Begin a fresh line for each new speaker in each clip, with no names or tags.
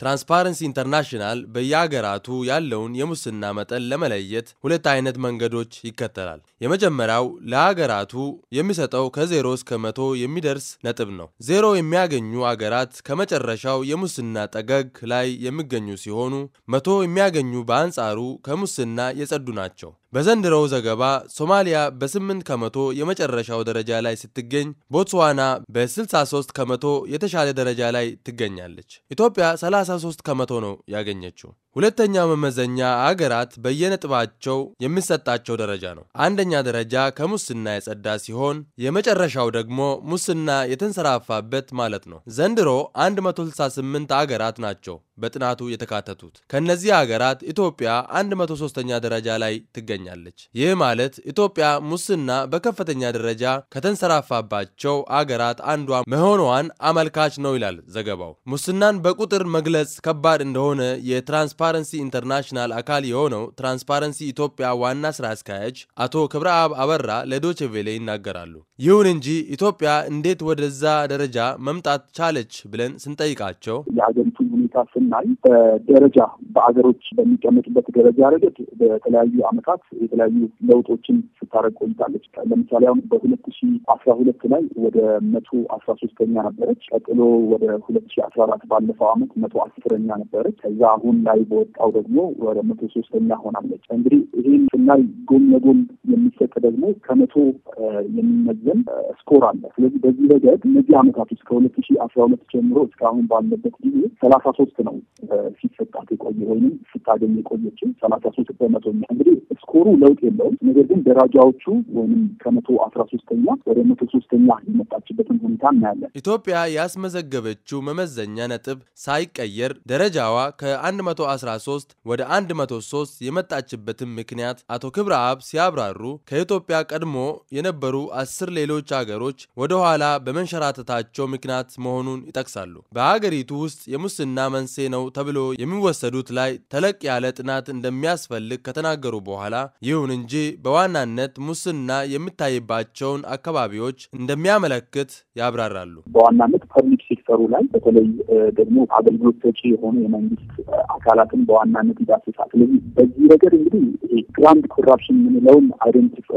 ትራንስፓረንሲ ኢንተርናሽናል በየአገራቱ ያለውን የሙስና መጠን ለመለየት ሁለት አይነት መንገዶች ይከተላል። የመጀመሪያው ለአገራቱ የሚሰጠው ከዜሮ እስከ መቶ የሚደርስ ነጥብ ነው። ዜሮ የሚያገኙ አገራት ከመጨረሻው የሙስና ጠገግ ላይ የሚገኙ ሲሆኑ፣ መቶ የሚያገኙ በአንጻሩ ከሙስና የጸዱ ናቸው። በዘንድሮው ዘገባ ሶማሊያ በ8 ከመቶ የመጨረሻው ደረጃ ላይ ስትገኝ ቦትስዋና በ63 ከመቶ የተሻለ ደረጃ ላይ ትገኛለች። ኢትዮጵያ 33 ከመቶ ነው ያገኘችው። ሁለተኛ መመዘኛ አገራት በየነጥባቸው የሚሰጣቸው ደረጃ ነው። አንደኛ ደረጃ ከሙስና የጸዳ ሲሆን የመጨረሻው ደግሞ ሙስና የተንሰራፋበት ማለት ነው። ዘንድሮ 168 አገራት ናቸው በጥናቱ የተካተቱት። ከነዚህ አገራት ኢትዮጵያ 103ኛ ደረጃ ላይ ትገኛለች። ይህ ማለት ኢትዮጵያ ሙስና በከፍተኛ ደረጃ ከተንሰራፋባቸው አገራት አንዷ መሆኗን አመልካች ነው ይላል ዘገባው። ሙስናን በቁጥር መግለጽ ከባድ እንደሆነ የትራንስፓ ትራንስፓረንሲ ኢንተርናሽናል አካል የሆነው ትራንስፓረንሲ ኢትዮጵያ ዋና ስራ አስኪያጅ አቶ ክብረ አብ አበራ ለዶችቬሌ ይናገራሉ። ይሁን እንጂ ኢትዮጵያ እንዴት ወደዛ ደረጃ መምጣት ቻለች ብለን ስንጠይቃቸው
የሀገሪቱ ሁኔታ ስናይ በደረጃ በአገሮች በሚቀመጡበት ደረጃ ረገድ በተለያዩ አመታት የተለያዩ ለውጦችን ስታደርግ ቆይታለች። ለምሳሌ አሁን በሁለት ሺ አስራ ሁለት ላይ ወደ መቶ አስራ ሶስተኛ ነበረች። ቀጥሎ ወደ ሁለት ሺ አስራ አራት ባለፈው ዓመት መቶ አስረኛ ነበረች። ከዛ አሁን ላይ በወጣው ደግሞ ወደ መቶ ሶስተኛ ሆናለች። እንግዲህ ይህን ስናይ ጎን ለጎን የሚሰጥ ደግሞ ከመቶ የሚመዘን ስኮር አለ። ስለዚህ በዚህ ረገድ እነዚህ ዓመታት ውስጥ ከሁለት ሺ አስራ ሁለት ጀምሮ እስካሁን ባለበት ጊዜ ሰላሳ Euh, si tu partie de si tu ça m'a l'impression que ስኮሩ ለውጥ የለውም። ነገር ግን ደረጃዎቹ ወይም ከመቶ አስራ ሶስተኛ ወደ መቶ ሶስተኛ የመጣችበትን ሁኔታ እናያለን።
ኢትዮጵያ ያስመዘገበችው መመዘኛ ነጥብ ሳይቀየር ደረጃዋ ከ ሶስት ወደ መቶ ሶስት የመጣችበትን ምክንያት አቶ ክብረ አብ ሲያብራሩ ከኢትዮጵያ ቀድሞ የነበሩ አስር ሌሎች ሀገሮች ወደኋላ በመንሸራተታቸው ምክንያት መሆኑን ይጠቅሳሉ። በሀገሪቱ ውስጥ የሙስና መንሴ ነው ተብሎ የሚወሰዱት ላይ ተለቅ ያለ ጥናት እንደሚያስፈልግ ከተናገሩ በኋላ ይሁን እንጂ በዋናነት ሙስና የሚታይባቸውን አካባቢዎች እንደሚያመለክት ያብራራሉ።
በዋናነት ፐብሊክ ሴክተሩ ላይ በተለይ ደግሞ አገልግሎት ሰጪ የሆኑ የመንግስት አካላትን በዋናነት ይዳስሳል። ስለዚህ በዚህ ነገር እንግዲህ ግራንድ ኮራፕሽን የምንለውን አይደንቲፋ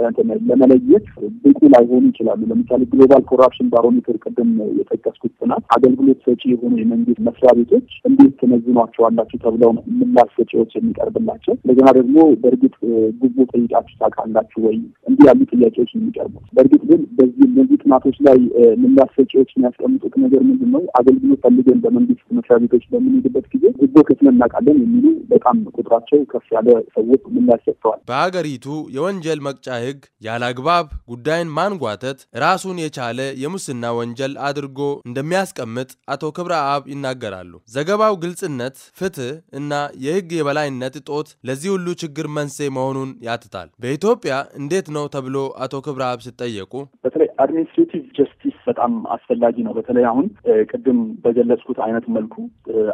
ለመለየት ብቁ ላይሆኑ ይችላሉ። ለምሳሌ ግሎባል ኮራፕሽን ባሮሜትር ቅድም የጠቀስኩት ጥናት አገልግሎት ሰጪ የሆኑ የመንግስት መስሪያ ቤቶች እንዴት ትመዝኗቸዋላችሁ ተብለው ምላሽ ሰጪዎች የሚቀርብላቸው እንደገና ደግሞ በእርግጥ ጉቦ ጠይቃችሁ ታውቃላችሁ ወይ? እንዲህ ያሉ ጥያቄዎች የሚቀርቡት በእርግጥ ግን በዚህ እነዚህ ጥናቶች ላይ ምላሽ ሰጪዎች የሚያስቀምጡት ነገር ምንድን ነው? ነው። አገልግሎት ፈልገን በመንግስት መስሪያ ቤቶች በምንሄድበት ጊዜ ህጎ ከፍለን እናውቃለን የሚሉ በጣም ቁጥራቸው ከፍ ያለ ሰዎች ምላሽ ሰጥተዋል።
በሀገሪቱ የወንጀል መቅጫ ህግ ያለ አግባብ ጉዳይን ማንጓተት ራሱን የቻለ የሙስና ወንጀል አድርጎ እንደሚያስቀምጥ አቶ ክብረ አብ ይናገራሉ። ዘገባው ግልጽነት፣ ፍትህ እና የህግ የበላይነት እጦት ለዚህ ሁሉ ችግር መንስኤ መሆኑን ያትታል። በኢትዮጵያ እንዴት ነው ተብሎ አቶ ክብረ አብ ሲጠየቁ በተለይ
አድሚኒስትሬቲቭ ጀስቲስ በጣም አስፈላጊ ነው። በተለይ አሁን ቅድም በገለጽኩት አይነት መልኩ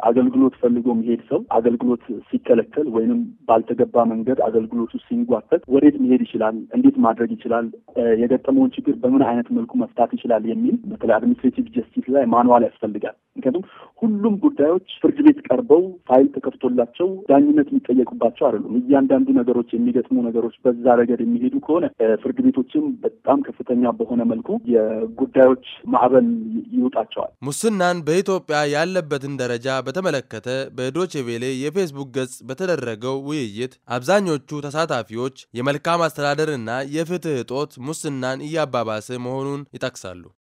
አገልግሎት ፈልጎ መሄድ ሰው አገልግሎት ሲከለከል ወይንም ባልተገባ መንገድ አገልግሎቱ ሲንጓተት ወዴት መሄድ ይችላል? እንዴት ማድረግ ይችላል? የገጠመውን ችግር በምን አይነት መልኩ መፍታት ይችላል? የሚል በተለይ አድሚኒስትሬቲቭ ጀስቲስ ላይ ማንዋል ያስፈልጋል። ምክንያቱም ሁሉም ጉዳዮች ፍርድ ቤት ቀርበው ፋይል ተከፍቶላቸው ዳኝነት የሚጠየቁባቸው አይደሉም። እያንዳንዱ ነገሮች የሚገጥሙ ነገሮች በዛ ረገድ የሚሄዱ ከሆነ ፍርድ ቤቶችም በጣም ከፍተኛ በሆነ መልኩ የጉዳዮች ማዕበል ይውጣቸዋል።
ሙስናን በኢትዮጵያ ያለበትን ደረጃ በተመለከተ በዶቼ ቬሌ የፌስቡክ ገጽ በተደረገው ውይይት አብዛኞቹ ተሳታፊዎች የመልካም አስተዳደርና የፍትህ እጦት ሙስናን እያባባሰ መሆኑን ይጠቅሳሉ።